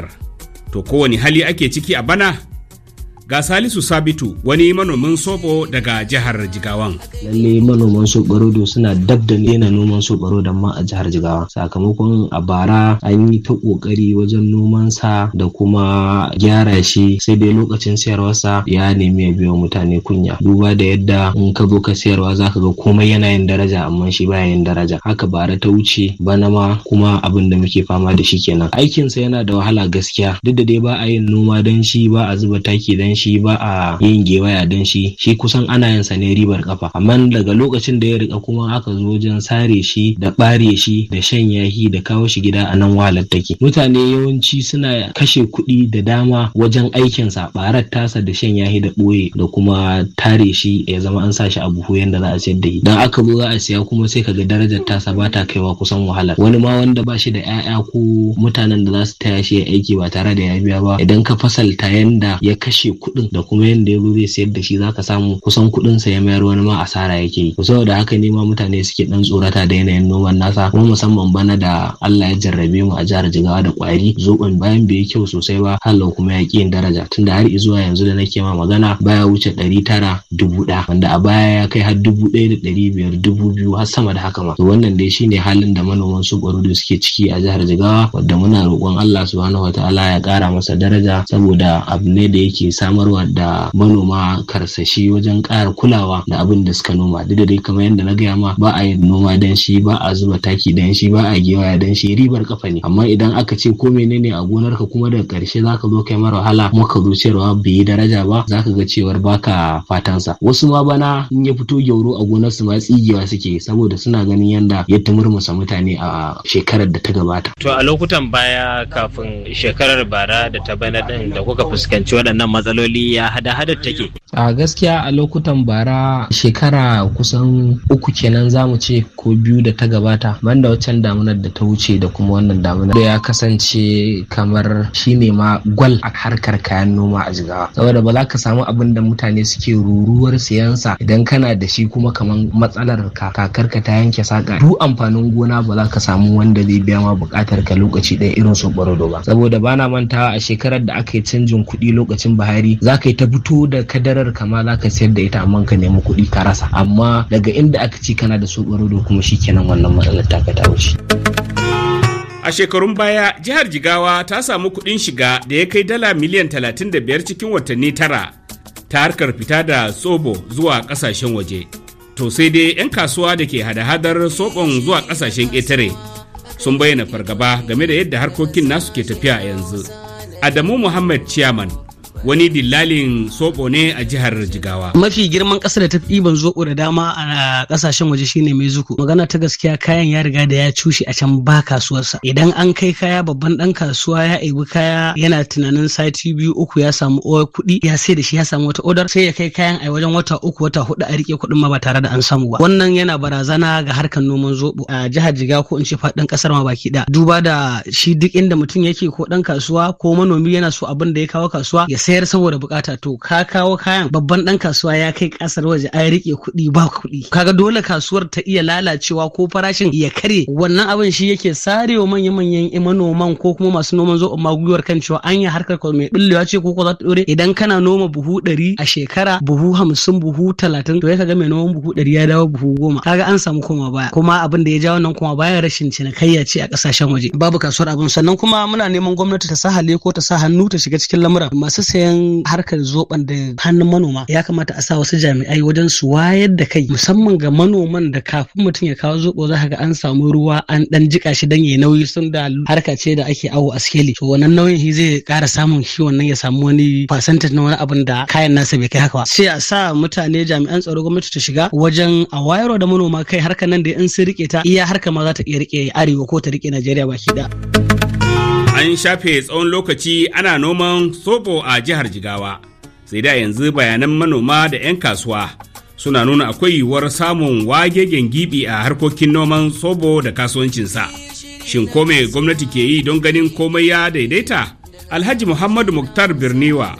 Abubakar. To kowane hali ake ciki a bana ga salisu sabitu wani manomin sobo daga jihar jigawan lalle manoman da suna dab da daina noman da ma a jihar jigawa sakamakon a bara an yi ta kokari wajen noman sa da kuma gyara shi sai dai lokacin sa ya nemi ya biyo mutane kunya duba da yadda in ka zo ka sayarwa zaka ga komai yana yin daraja amma shi baya yin daraja haka bara ta wuce bana ma kuma abin da muke fama da shi kenan aikinsa yana da wahala gaskiya duk da dai ba a yin noma don shi ba a zuba taki don shi ba a yin gewaya don shi shi kusan ana yin sa ne ribar kafa amma daga lokacin da ya rika kuma aka zo wajen sare shi da bare shi da shan yahi da kawo shi gida a nan walar take mutane yawanci suna kashe kuɗi da dama wajen aikin sa barar tasa da shan yahi da ɓoye da kuma tare shi ya zama an sa shi a buhu yanda za a sayar da shi dan aka zo za a siya kuma sai kaga darajar tasa ba ta kaiwa kusan wahala wani ma wanda ba shi da 'ya'ya ko mutanen da za su taya shi ya aiki ba tare da ya biya ba idan ka fasalta yanda ya kashe kuɗi kuɗin da kuma yanda ya zo zai sayar da shi za ka samu kusan kuɗin sa ya mayar wani ma asara yake yi kusa da haka ne mutane suke ɗan tsorata da yanayin noman nasa kuma musamman bana da Allah ya jarrabe mu a jihar Jigawa da kwari zoben bayan bai kyau sosai ba hallau kuma ya yin daraja tunda har zuwa yanzu da nake ma magana baya wuce ɗari tara dubu ɗaya wanda a baya ya kai har dubu ɗaya da ɗari biyar dubu biyu har sama da haka ma to wannan dai shine halin da manoman su da suke ciki a jihar Jigawa wadda muna roƙon Allah subhanahu wataala ya ƙara masa daraja saboda abu ne da yake sa samarwa da manoma karsashi wajen ƙara kulawa da abin da suka noma duk da dai kamar yadda na gaya ma ba a yi noma dan shi ba a zuba taki dan shi ba a gewaya dan shi ribar kafa ne amma idan aka ce ko menene a gonar ka kuma daga ƙarshe zaka zo kai mara wahala kuma ka zo cewa bai yi daraja ba zaka ga cewar baka fatansa wasu ma bana in ya fito gyauro a gonar su ma tsigewa suke saboda suna ganin yadda ya murmusa mutane a shekarar da ta gabata to a lokutan baya kafin shekarar bara da ta bana din da kuka fuskanci waɗannan matsaloli matsaloli ya hada-hadar take a gaskiya a lokutan bara shekara kusan uku kenan za mu ce ko biyu da ta gabata banda waccan damunar da ta wuce da kuma wannan damunar da ya kasance kamar shine ma gwal a harkar kayan noma a jigawa saboda ba za ka samu abin da mutane suke ruruwar siyansa idan kana da shi kuma kamar matsalar ka kakarka ta yanke saka duk amfanin gona ba za ka samu wanda zai biya ma bukatar ka lokaci ɗaya irin su barodo ba saboda bana mantawa a shekarar da aka yi canjin kuɗi lokacin Buhari za ka yi ta fito da kadar madarar kama za ka sayar da ita amma ka nemi kuɗi ka rasa amma daga inda aka ci kana da su da kuma shi shikenan wannan matsalar ta ka tawo shi. A shekarun baya, jihar Jigawa ta samu kuɗin shiga da ya kai dala miliyan 35 cikin watanni tara ta harkar fita da tsobo zuwa ƙasashen waje. To sai dai 'yan kasuwa da ke hada-hadar soɓon zuwa ƙasashen ƙetare sun bayyana fargaba game da yadda harkokin nasu ke tafiya yanzu. Adamu Muhammad Chiaman. wani dillalin soɓo ne a jihar Jigawa. Mafi girman ƙasa da tafi fi ɗiban zoɓo da dama a ƙasashen waje shine zuku Magana ta gaskiya kayan ya riga da ya cushe a can ba kasuwarsa. Idan an kai kaya babban ɗan kasuwa ya ibi kaya yana tunanin sati biyu uku ya samu kuɗi ya sai da shi ya samu wata odar sai ya kai kayan a wajen wata uku wata huɗu a rike kuɗin ma ba tare da an samu ba. Wannan yana barazana ga harkar noman zoɓo a jihar Jigawa ko in ce faɗin ƙasar ma baki ɗaya. Duba da shi duk inda mutum yake ko ɗan kasuwa ko manomi yana so abin da ya kawo kasuwa ya sai sayar saboda bukata to ka kawo kayan babban dan kasuwa ya kai kasar waje an rike kuɗi ba kuɗi kaga dole kasuwar ta iya lalacewa ko farashin ya kare wannan abin shi yake sarewa manyan manyan manoman ko kuma masu noman zo amma gwiwar kan cewa anya harkar ko mai billewa ce ko ko za ta dore idan kana noma buhu 100 a shekara buhu 50 buhu talatin to ya kaga mai noman buhu ɗari ya dawo buhu goma kaga an samu koma baya kuma abin da ya ja wannan koma baya rashin cinikayya ce a kasashen waje babu kasuwar abin sannan kuma muna neman gwamnati ta sa hale ko ta sa hannu ta shiga cikin lamura masu matsayin harkar zoban da hannun manoma ya kamata a sa wasu jami'ai wajen su wayar da kai musamman ga manoman da kafin mutum ya kawo zobo za ga an samu ruwa an dan jika shi dan ya nauyi sun da harka ce da ake awo a skeli to wannan nauyin shi zai kara samun shi wannan ya samu wani percentage na wani abin da kayan nasa bai kai haka ba sai a sa mutane jami'an tsaro gwamnati ta shiga wajen a wayarwa da manoma kai harkar nan da in sun rike ta iya harkar ma za ta iya rike arewa ko ta rike Najeriya baki da. An shafe tsawon lokaci ana noman sobo a jihar Jigawa, sai da yanzu bayanan manoma da 'yan kasuwa suna nuna akwai yiwuwar samun wagegen gibi a harkokin noman sobo da kasuwancinsa. Shin kome gwamnati ke yi don ganin komai ya daidaita? Alhaji Muhammadu Muktar Birniwa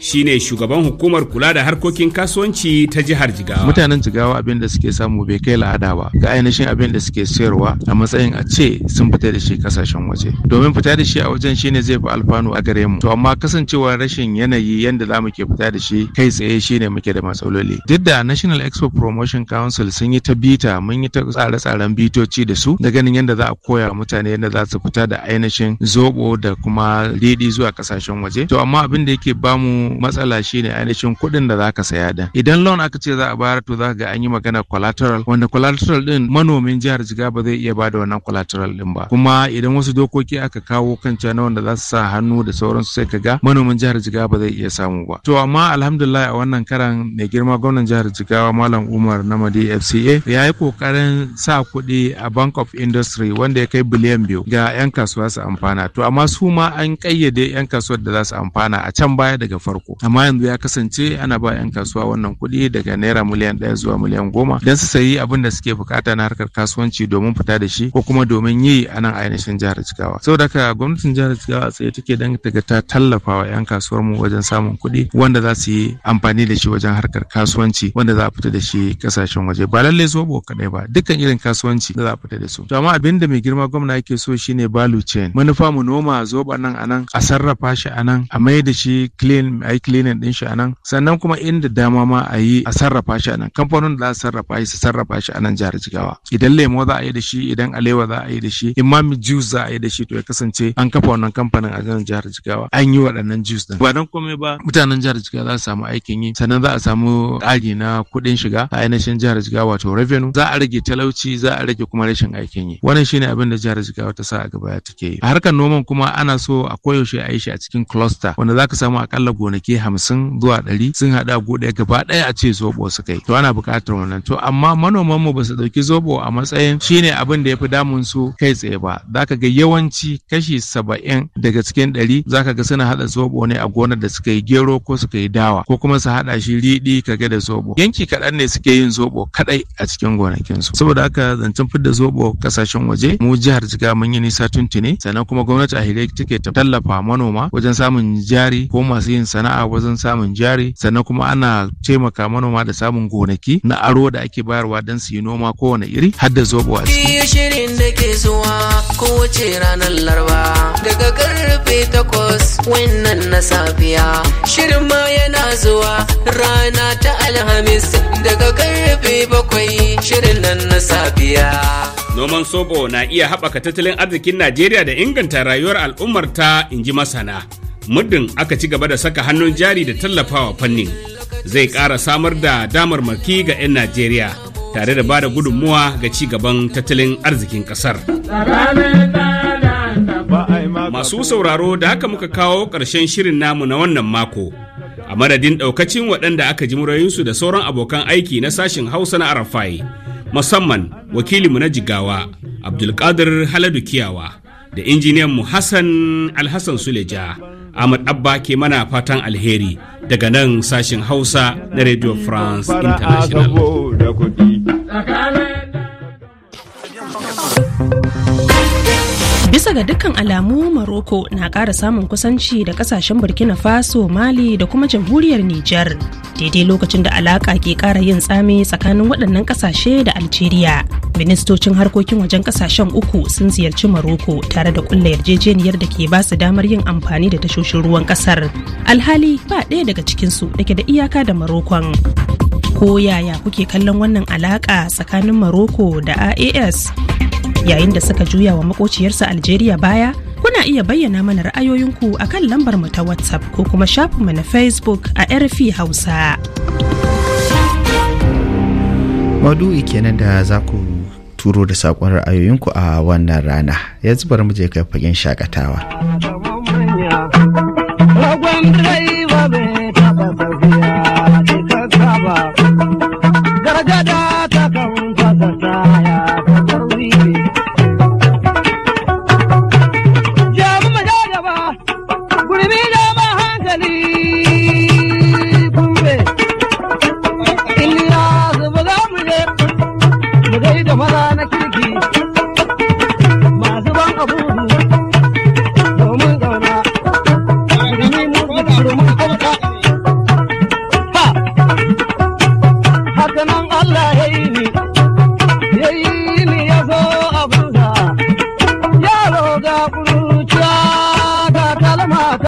shine shugaban hukumar kula da harkokin kasuwanci ta jihar Jigawa. Mutanen Jigawa abin da suke samu bai kai la'ada ba ga ainihin abin da suke sayarwa a matsayin a ce sun fita da shi kasashen waje. Domin fita da shi a wajen shine zai fi alfanu a gare mu. To amma kasancewar rashin yanayi yadda za ke fita da shi kai tsaye shine muke da matsaloli. Duk da National Expo Promotion Council sun yi ta bita mun yi ta tsare-tsaren bitoci da su da ganin yadda za a koya mutane yadda za su fita da ainihin zobo da kuma riɗi zuwa kasashen waje. To amma abin da yake bamu Matsala matsala ne ainihin kuɗin da zaka saya din idan loan aka ce za a bayar to zaka ga an yi magana collateral wanda collateral din manomin jihar jiga ba zai iya bada wannan collateral din ba kuma idan wasu dokoki aka kawo kan na wanda za su sa hannu da sauransu sai ka ga manomin jihar jiga ba zai iya samu ba to amma alhamdulillah a wannan karan mai girma gwamnan jihar jigawa malam umar na madi fca ya yi kokarin sa kuɗi a bank of industry wanda ya kai biliyan biyu ga 'yan kasuwa su amfana to amma su ma an kayyade 'yan kasuwar da za su amfana a can baya daga farko farko amma yanzu ya kasance ana ba 'yan kasuwa wannan kuɗi daga naira miliyan ɗaya zuwa miliyan goma don su sayi abin da suke bukata na harkar kasuwanci domin fita da shi ko kuma domin yi a nan ainihin jihar jigawa saboda haka gwamnatin jihar jigawa a tsaye take don daga ta tallafa wa 'yan kasuwar mu wajen samun kuɗi wanda za su yi amfani da shi wajen harkar kasuwanci wanda za a fita da shi kasashen waje ba lallai zobo kaɗai ba dukkan irin kasuwanci za a fita da su to amma abin da mai girma gwamna yake so shine value chain manufa mu noma zoba nan a nan a sarrafa shi a nan a mai da shi clean a yi cleaning din shi a nan sannan kuma inda dama ma a yi a sarrafa shi a nan kamfanin da za su sarrafa shi su sarrafa shi a nan jihar jigawa idan lemo za a yi da shi idan alewa za a yi da shi imami juice za a yi da shi to ya kasance an kafa wannan kamfanin a nan jihar jigawa an yi waɗannan juice din ba don komai ba mutanen jihar jigawa za su samu aikin yi sannan za a samu tsari na kuɗin shiga a ainihin jihar jigawa wato revenue za a rage talauci za a rage kuma rashin aikin yi wannan shine abin da jihar jigawa ta sa a gaba take yi a harkar noman kuma ana so a koyaushe a yi shi a cikin cluster wanda za ka samu akalla gonaki kwanaki hamsin zuwa ɗari sun haɗa gu gaba ɗaya a ce zobo su kai to ana buƙatar wannan to amma manoman mu ba su ɗauki zobo a matsayin shine abin da ya fi damun su kai tsaye ba zaka ga yawanci kashi saba'in daga cikin ɗari zaka ga suna haɗa zobo ne a gonar da suka yi gero ko suka yi dawa ko kuma su haɗa shi riɗi kage da zobo yanki kaɗan ne suke yin zobo kaɗai a cikin gonakinsu saboda haka zancen fidda zobo kasashen waje mu jihar jiga mun yi nisa tuntune sannan kuma gwamnati a hire take tallafa manoma wajen samun jari ko masu yin sana'a sana'a wajen samun jari sannan kuma ana taimaka manoma da samun gonaki na aro da ake bayarwa don su yi noma kowane iri har da zobo a shirin da ke zuwa kowace ranar laraba daga karfe takwas wannan na safiya shirin ma yana zuwa rana ta alhamis daga karfe bakwai shirin nan na safiya. Noman sobo na iya haɓaka tattalin arzikin Najeriya da inganta rayuwar al'ummarta in ji masana. muddin aka ci gaba da saka hannun jari da tallafawa fannin zai ƙara samar da damar maki ga 'yan najeriya tare da bada da gudunmuwa ga ci gaban tattalin arzikin ƙasar masu sauraro da haka muka kawo ƙarshen shirin namu na wannan mako a madadin ɗaukacin waɗanda aka ji murayinsu da sauran abokan aiki na sashen hausa na arafai musamman wakilinmu na jigawa abdulkadir haladu kiyawa da injiniyan mu hassan alhassan suleja Ahmad Abba ke mana fatan alheri daga nan sashin Hausa na Radio France International. bisa ga dukkan alamu maroko na ƙara samun kusanci da ƙasashen burkina faso mali da kuma jamhuriyar nijar daidai lokacin da alaƙa ke ƙara yin tsami tsakanin waɗannan ƙasashe da algeria ministocin harkokin wajen ƙasashen uku sun ziyarci maroko tare da ƙulla yarjejeniyar da ke basu damar yin amfani da tashoshin ruwan ƙasar alhali ba ɗaya daga cikinsu da ke da iyaka da marokon ko yaya kuke kallon wannan alaƙa tsakanin maroko da aas yayin da suka juya wa makociyarsa Algeria baya kuna iya bayyana mana ra'ayoyinku a kan lambar mu ta WhatsApp ko kuma shafin mu na Facebook a RFI Hausa. madu'i kenan da za ku turo da saƙon ra'ayoyinku a wannan rana yanzu bari mu je kai fagen shakatawa.